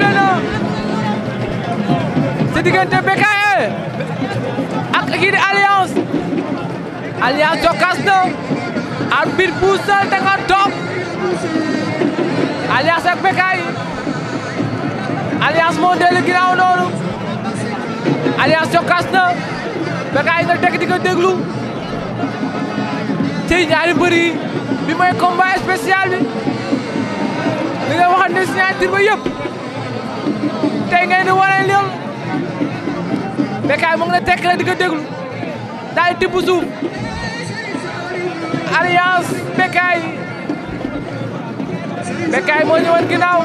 sifflé na si diggante BKE ak kii di alliance alliance jokkaas na arbitre buusal da nga toog alliance ak BKE alliance moo dellu ginnaaw noonu alliance jokkaas na BKE nga teg di ci ñaari mbër bi mooy combat spécial bi nga waxoon ne signature ba tey ngay di wane lool Bécaye mu ngi la tekkale di ko déglu daay tibb suuf alliance Bécaye Bécaye moo ñëwoon ginnaaw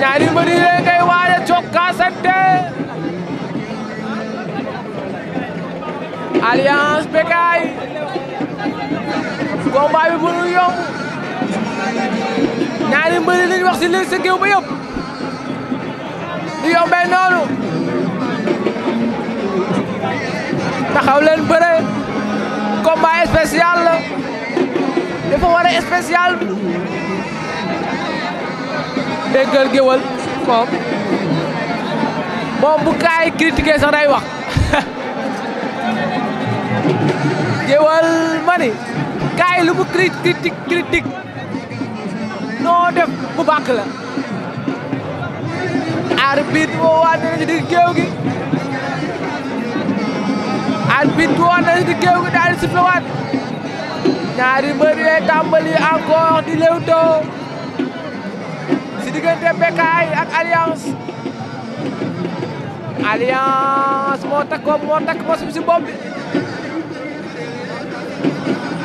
ñaari mbër yi lee ngay waaj a cokkaasante alliance Bécaye bi bu ñaari mbëri li ñu wax si léegi sa géew ba yëpp du yombee noonu taxaw leen bëre combat spécial la dafa war a spécial déggal géwal moom moom bu kaay critiqué sax day wax géwal ma kaay lu mu critique critique noo def bu bàq ci digg géew gi arbitre woowaat na ci digg géew gi daal di siflewaat ñaari mbër yee tàmbali di lewtoo si diggante Bécaye ak Alliance Alliance moo takk moo takk moo si bopp bi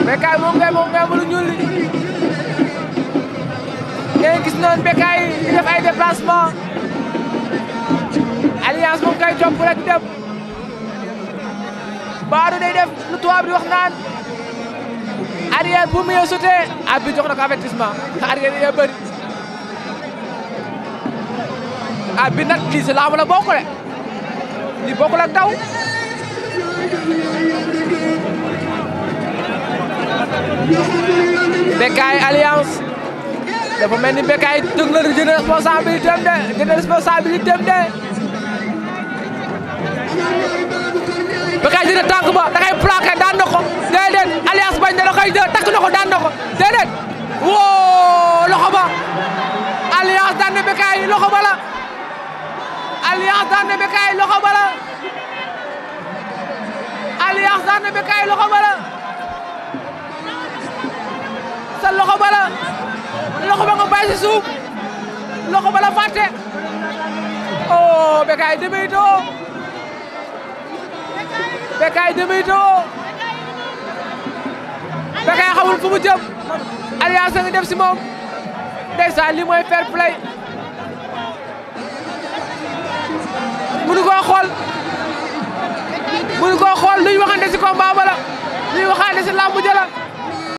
Bécaye moom ngay moom ngeen gis noonu di def ay déplacement alliance mu ngi koy topp rek dem Badou day def lu tubaab di wax naan arrière bu muy sauté ab jox na ko avertissement arrière yi day bëri ab bi nag lii si laamu la taw Bécaye alliance dafa mel ni Bécaye dëgg de jël de Bécaye jël tànk ba da koy daan na ko déedéet bañ da koy jël takk na daan na ko woo loxo ba Alliance daan na Bécaye loxo ba la daan na Bécaye loxo ba la daan na Bécaye loxo ba passe si suuf loxo bala fàtte oh Bécaye demee too Bécaye demee too Bécaye xamul fu mu jëm Alliance nga def si moom ndeysaan li mooy fair play mënu koo xool mënu koo xool luñ waxante si combat ba la luñ waxante si làmb ja